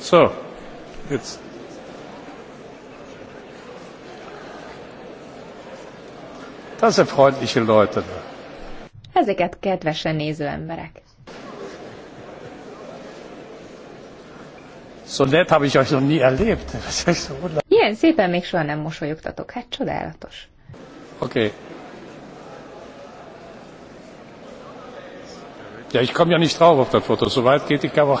So, jetzt. Das sind freundliche Leute. Ezeket kedvesen néző emberek. So nett habe ich euch noch nie erlebt. Ilyen szépen még soha nem mosolyogtatok. Hát csodálatos. Oké. Okay. Ja, ich komme ja nicht drauf auf das Foto. So weit geht die Kamera.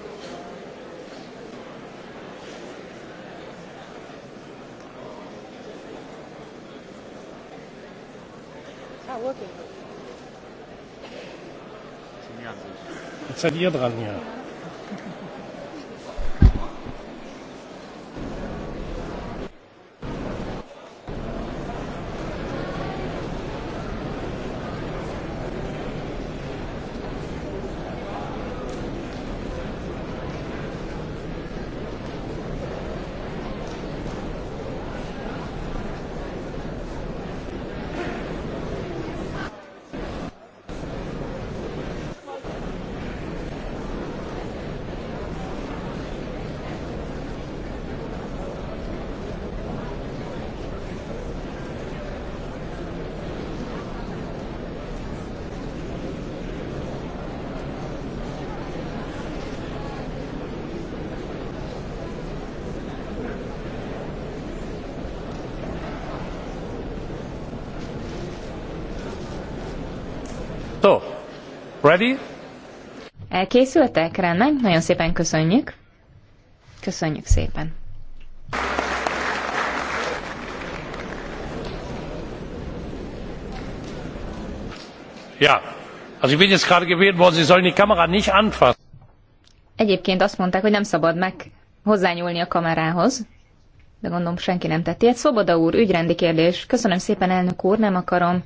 not working. It's an ear dran here. Ready? Elkészültek? Rendben, nagyon szépen köszönjük. Köszönjük szépen. Ja, also ich bin jetzt gerade gewählt worden, Sie sollen die Kamera nicht anfassen. Egyébként azt mondták, hogy nem szabad meg hozzányúlni a kamerához, de gondolom senki nem tett ilyet. Szoboda úr, ügyrendi kérdés. Köszönöm szépen, elnök úr, nem akarom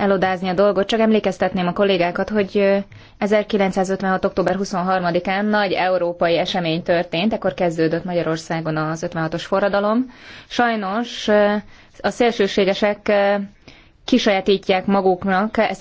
elodázni a dolgot, csak emlékeztetném a kollégákat, hogy 1956. október 23-án nagy európai esemény történt, ekkor kezdődött Magyarországon az 56-os forradalom. Sajnos a szélsőségesek kisajátítják maguknak ezt a